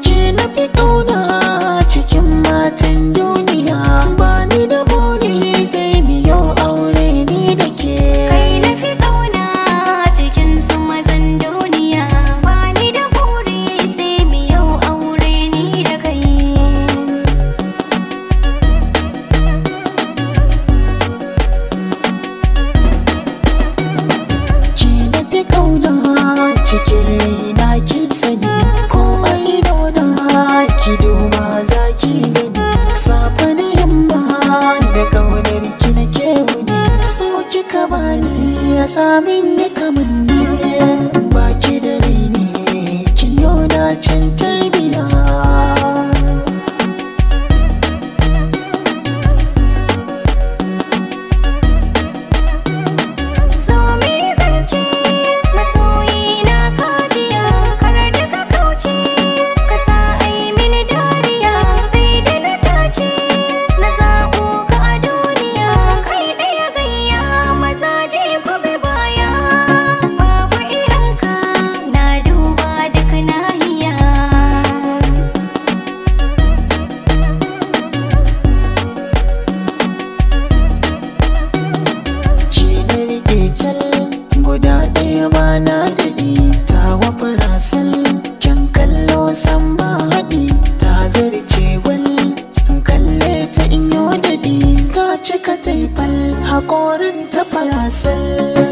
Ki na fi ƙauna cikin matan safa da yamma da kaunar ki nake wuni so kika bani ya samin ni kamanni cika taifal haƙorin ta fara farasal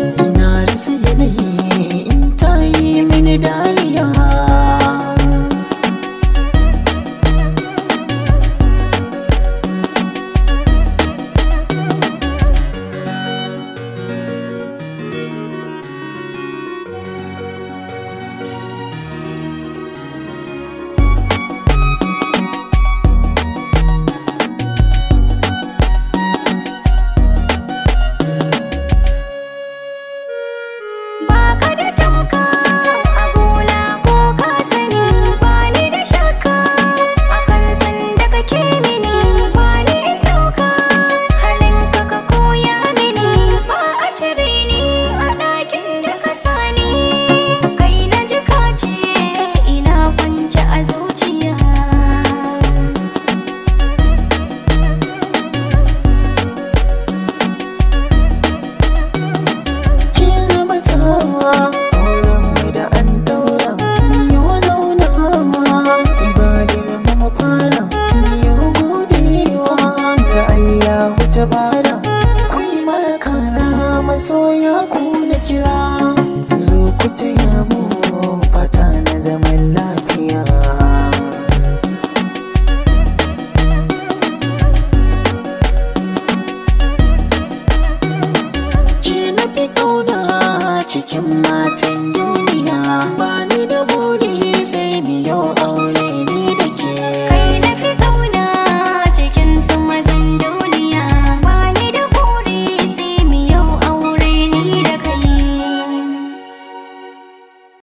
kira zo ku taya mu fata na zaman lafiya ki na fi kauna cikin matan duniya ba ni da buri sai ni yau aure